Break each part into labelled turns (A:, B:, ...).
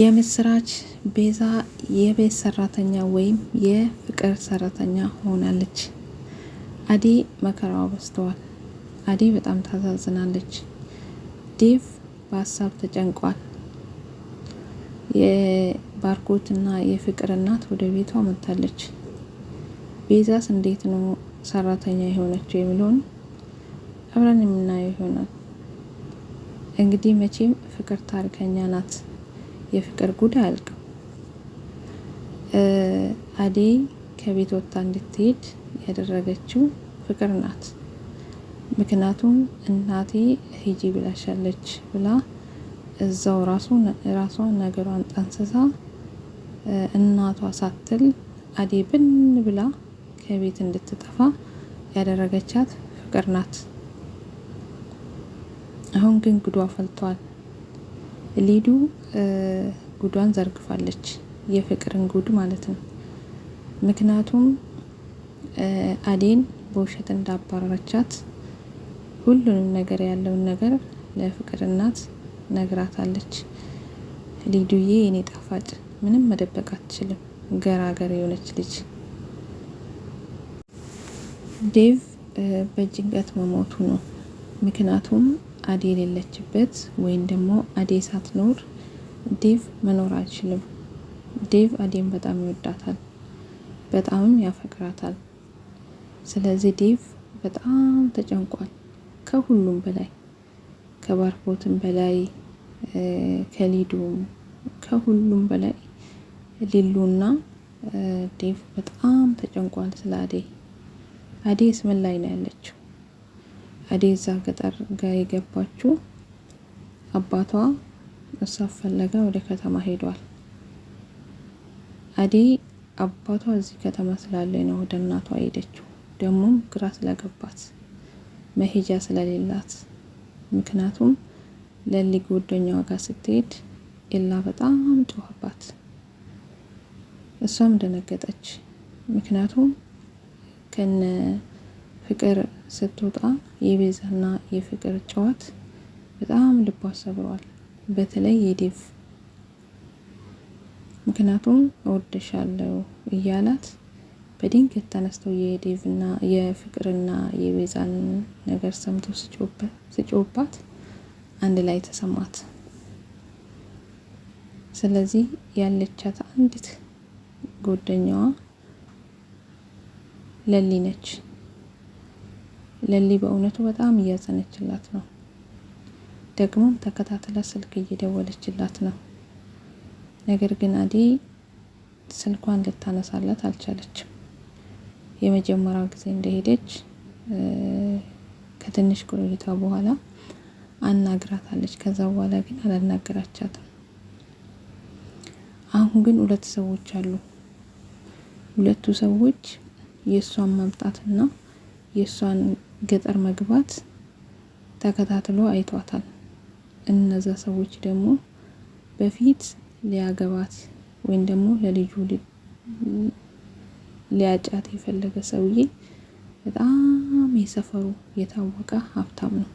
A: የምስራች ቤዛ የቤት ሰራተኛ ወይም የፍቅር ሰራተኛ ሆናለች። አዴ መከራዋ በስተዋል አዴ በጣም ታሳዝናለች። ዴቭ በሀሳብ ተጨንቋል። የባርኮትና የፍቅር እናት ወደ ቤቷ መጥታለች። ቤዛስ እንዴት ነው ሰራተኛ የሆነችው የሚለውን አብረን የምናየው ይሆናል። እንግዲህ መቼም ፍቅር ታሪከኛ ናት። የፍቅር ጉድ አያልቅም። አደይ ከቤት ወጥታ እንድትሄድ ያደረገችው ፍቅር ናት። ምክንያቱም እናቴ ሂጂ ብላሻለች ብላ እዛው ራሷ ነገሯን ጠንስሳ እናቷ ሳትል አደይ ብን ብላ ከቤት እንድትጠፋ ያደረገቻት ፍቅር ናት። አሁን ግን ጉዷ ፈልቷል። ሊዱ ጉዷን ዘርግፋለች። የፍቅርን ጉድ ማለት ነው። ምክንያቱም አዴን በውሸት እንዳባረረቻት ሁሉንም ነገር ያለውን ነገር ለፍቅር እናት ነግራታለች። ሊዱዬ የኔ ጣፋጭ ምንም መደበቅ አትችልም፣ ገራገር የሆነች ልጅ። ዴቭ በጭንቀት መሞቱ ነው። ምክንያቱም አዴ የሌለችበት ወይም ደግሞ አዴ ሳትኖር ዴቭ መኖር አይችልም። ዴቭ አዴን በጣም ይወዳታል፣ በጣምም ያፈቅራታል። ስለዚህ ዴቭ በጣም ተጨንቋል። ከሁሉም በላይ ከባርኮትም በላይ ከሊዱም ከሁሉም በላይ ሊሉና ዴቭ በጣም ተጨንቋል ስለ አዴ። አዴ ስምን ላይ ነው ያለችው? አዴዛ ገጠር ጋር የገባችው አባቷ እሷን ፍለጋ ወደ ከተማ ሄዷል። አዴ አባቷ እዚህ ከተማ ስላለ ነው ወደ እናቷ ሄደችው። ደግሞም ግራ ስለገባት መሄጃ ስለሌላት፣ ምክንያቱም ለሊ ጓደኛዋ ጋር ስትሄድ ኤላ በጣም ጮኸባት። እሷም ደነገጠች። ምክንያቱም ከነ ፍቅር ስትወጣ የቤዛና የፍቅር ጨዋት በጣም ልቧ ሰብሯል። በተለይ የዴቭ ምክንያቱም እወደሻለሁ እያላት በድንገት ተነስተው የዴቭና የፍቅርና የቤዛን ነገር ሰምቶ ስጮባት አንድ ላይ ተሰማት። ስለዚህ ያለቻት አንዲት ጎደኛዋ ለሊ ነች። ለሊ በእውነቱ በጣም እያዘነችላት ነው። ደግሞም ተከታትለ ስልክ እየደወለችላት ነው። ነገር ግን አዴ ስልኳን ልታነሳላት አልቻለችም። የመጀመሪያው ጊዜ እንደሄደች ከትንሽ ቆይታ በኋላ አናግራታለች። ከዛ በኋላ ግን አላናገራቻትም። አሁን ግን ሁለት ሰዎች አሉ። ሁለቱ ሰዎች የእሷን መምጣትና የእሷን ገጠር መግባት ተከታትሎ አይቷታል። እነዛ ሰዎች ደግሞ በፊት ሊያገባት ወይም ደግሞ ለልጁ ሊያጫት የፈለገ ሰውዬ በጣም የሰፈሩ የታወቀ ሀብታም ነው፣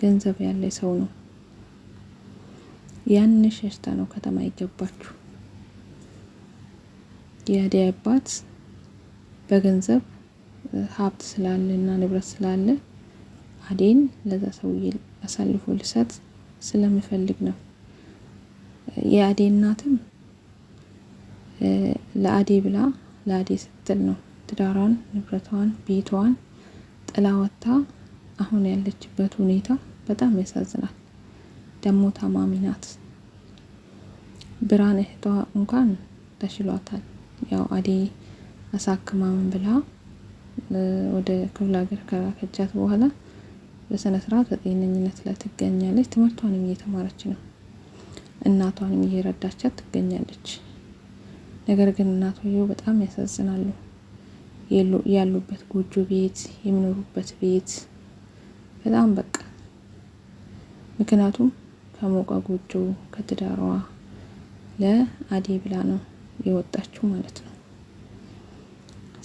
A: ገንዘብ ያለ ሰው ነው። ያን ሸሽታ ነው ከተማ ይገባችሁ! የአደይ አባት በገንዘብ ሀብት ስላለ እና ንብረት ስላለ አዴን ለዛ ሰውዬ አሳልፎ ልሰጥ ስለምፈልግ ነው። የአዴ እናትም ለአዴ ብላ ለአዴ ስትል ነው ትዳሯን፣ ንብረቷን፣ ቤቷን ጥላ ወጥታ አሁን ያለችበት ሁኔታ በጣም ያሳዝናል። ደግሞ ታማሚ ናት። ብርሃን እህቷ እንኳን ተሽሏታል። ያው አዴ አሳክማምን ብላ ወደ ክፍለ ሀገር ከላከቻት በኋላ በስነ ስርዓት በጤነኝነት ላይ ትገኛለች። ትምህርቷንም እየተማረች ነው። እናቷንም እየረዳቻት ትገኛለች። ነገር ግን እናቷየው በጣም ያሳዝናሉ። ያሉበት ጎጆ ቤት፣ የሚኖሩበት ቤት በጣም በቃ ምክንያቱም ከሞቀ ጎጆ ከትዳሯ ለአዴ ብላ ነው የወጣችው ማለት ነው።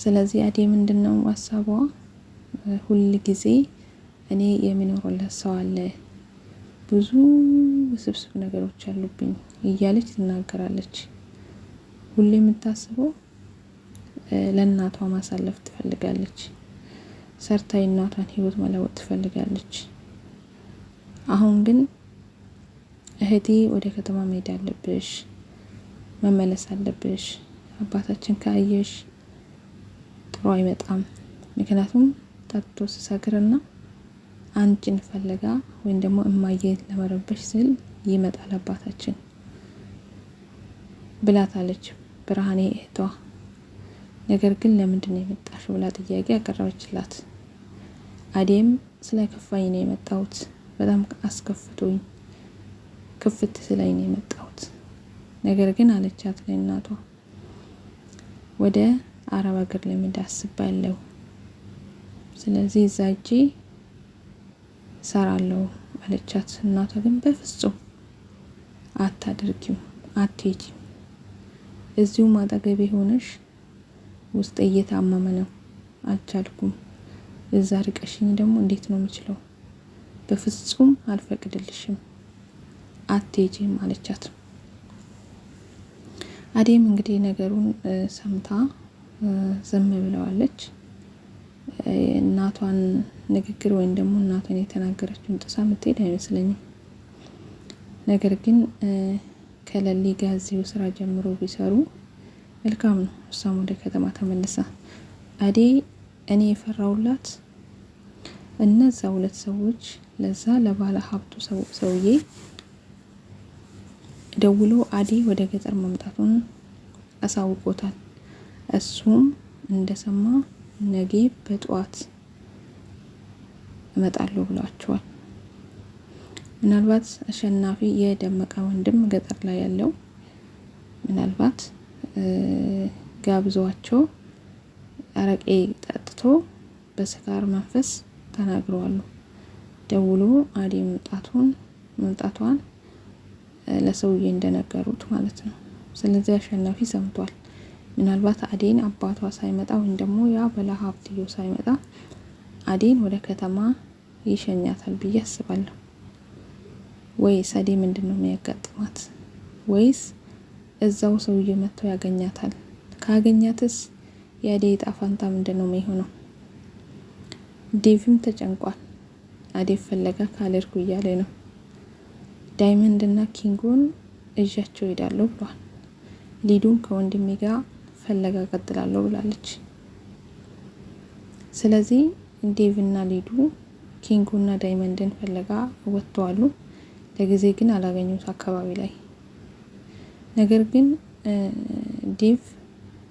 A: ስለዚህ አዴ ምንድን ነው ሀሳቧ? ሁል ጊዜ እኔ የሚኖርለት ሰው አለ፣ ብዙ ውስብስብ ነገሮች አሉብኝ እያለች ትናገራለች። ሁሌ የምታስበው ለእናቷ ማሳለፍ ትፈልጋለች። ሰርታ የእናቷን ህይወት መለወጥ ትፈልጋለች። አሁን ግን እህቴ ወደ ከተማ መሄድ አለብሽ፣ መመለስ አለብሽ፣ አባታችን ካየሽ ጥሩ አይመጣም። ምክንያቱም ጠጥቶ ስሰክርና አንቺን ፈልጋ ወይም ደግሞ እማዬን ለመረበሽ ስል ይመጣል አባታችን ብላታለች ብርሃኔ እህቷ። ነገር ግን ለምንድን ነው የመጣሽ ብላ ጥያቄ ያቀረበችላት። አዴም ስለ ከፋኝ ነው የመጣሁት፣ በጣም አስከፍቶኝ ክፍት ስለኝ ነው የመጣሁት ነገር ግን አለቻት ለእናቷ ወደ አረብ ሀገር ለመሄድ አስባለሁ። ስለዚህ እዛ ሄጄ እሰራለሁ አለቻት። እናቷ ግን በፍጹም አታደርጊም፣ አትሄጂም፣ እዚሁም አጠገቤ ሆነሽ ውስጥ እየታመመ ነው፣ አልቻልኩም። እዛ ርቀሽኝ ደግሞ እንዴት ነው የምችለው? በፍጹም አልፈቅድልሽም፣ አትሄጂም አለቻት። አዴም እንግዲህ ነገሩን ሰምታ ዝም ብለዋለች። እናቷን ንግግር ወይም ደግሞ እናቷን የተናገረችውን ጥሳ የምትሄድ አይመስለኝም። ነገር ግን ከሌሊ ጋር እዚሁ ስራ ጀምሮ ቢሰሩ መልካም ነው። እሷም ወደ ከተማ ተመልሳ አዴ እኔ የፈራውላት እነዛ ሁለት ሰዎች ለዛ ለባለ ሀብቱ ሰውዬ ደውሎ አዴ ወደ ገጠር መምጣቱን አሳውቆታል። እሱም እንደሰማ ነገ በጠዋት እመጣለሁ ብሏቸዋል። ምናልባት አሸናፊ የደመቀ ወንድም ገጠር ላይ ያለው ምናልባት ጋብዟቸው አረቄ ጠጥቶ በስካር መንፈስ ተናግረዋሉ። ደውሎ አዴ መምጣቱን መምጣቷን ለሰውዬ እንደነገሩት ማለት ነው። ስለዚህ አሸናፊ ሰምቷል። ምናልባት አዴን አባቷ ሳይመጣ ወይም ደግሞ ያ ባለ ሀብትዮ ሳይመጣ አዴን ወደ ከተማ ይሸኛታል ብዬ አስባለሁ። ወይስ አዴ ምንድን ነው የሚያጋጥማት? ወይስ እዛው ሰውዬ መጥቶ ያገኛታል? ካገኛትስ የአዴ ዕጣ ፋንታ ምንድን ነው የሚሆነው? ዴቪም ተጨንቋል። አዴ ፈለጋ ካልሄድኩ እያለ ነው። ዳይመንድ እና ኪንጎን እዣቸው ሄዳለሁ ብሏል። ሊዱም ከወንድሜ ጋር ፍለጋ ቀጥላለሁ ብላለች። ስለዚህ ዴቭ እና ሊዱ ኪንጉ እና ዳይመንድን ፍለጋ ወጥተዋሉ። ለጊዜ ግን አላገኙት አካባቢ ላይ ነገር ግን ዴቭ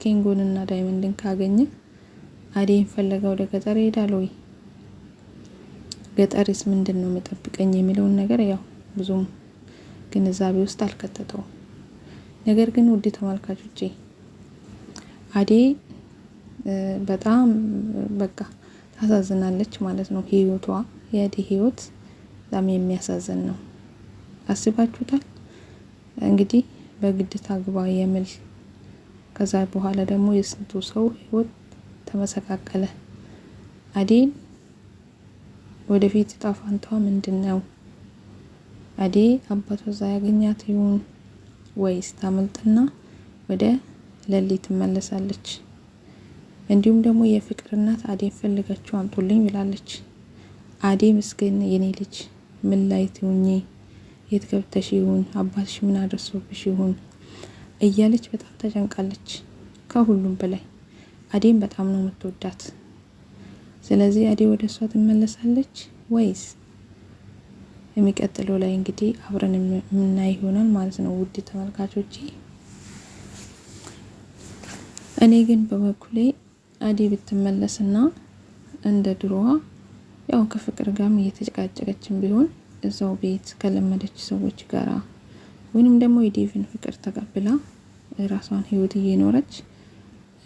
A: ኪንጉን እና ዳይመንድን ካገኘ አዴን ፍለጋ ወደ ገጠር ይሄዳል ወይ? ገጠርስ ምንድን ነው የሚጠብቀኝ የሚለውን ነገር ያው ብዙም ግንዛቤ ውስጥ አልከተተውም። ነገር ግን ውድ ተመልካቾቼ አዴ በጣም በቃ ታሳዝናለች ማለት ነው። ህይወቷ የአዴ ህይወት በጣም የሚያሳዝን ነው። አስባችሁታል? እንግዲህ በግድ ታግባ የሚል ከዛ በኋላ ደግሞ የስንቱ ሰው ህይወት ተመሰቃቀለ። አዴን ወደፊት ጣፋንቷ ምንድነው? ምንድን ነው? አዴ አባቷ እዛ ያገኛት ይሆን ወይስ ታመልጥና ወደ ለሌ ትመለሳለች። እንዲሁም ደግሞ የፍቅር እናት አዴን ፈልጋችሁ አምጡልኝ ብላለች። አዴ ምስገን የኔ ልጅ ምን ላይ ትሁኚ የት ገብተሽ ይሁን አባትሽ ምን አደርሶብሽ ይሁን እያለች በጣም ተጨንቃለች። ከሁሉም በላይ አዴን በጣም ነው የምትወዳት። ስለዚህ አዴ ወደ እሷ ትመለሳለች ወይስ የሚቀጥለው ላይ እንግዲህ አብረን የምናይ ይሆናል ማለት ነው። ውድ ተመልካቾቼ እኔ ግን በበኩሌ አዴ ብትመለስና እንደ ድሮዋ ያው ከፍቅር ጋርም እየተጨቃጨቀችን ቢሆን እዛው ቤት ከለመደች ሰዎች ጋራ ወይንም ደግሞ የዴቭን ፍቅር ተቀብላ ራሷን ህይወት እየኖረች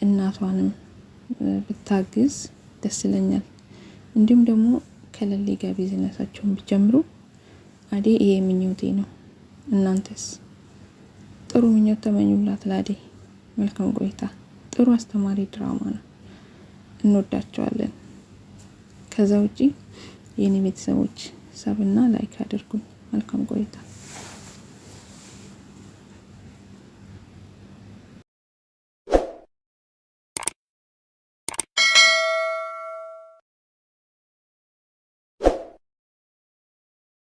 A: እናቷንም ብታግዝ ደስ ይለኛል። እንዲሁም ደግሞ ከሌሌ ጋር ቢዝነሳቸውን ቢጀምሩ አዴ ይሄ ምኞቴ ነው። እናንተስ? ጥሩ ምኞት ተመኙላት ለአዴ። መልካም ቆይታ ጥሩ አስተማሪ ድራማ ነው። እንወዳቸዋለን። ከዛ ውጪ የኔ ቤተሰቦች ሰብና ላይክ አድርጉኝ። መልካም ቆይታ